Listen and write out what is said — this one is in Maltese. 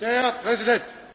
Der Herr Präsident!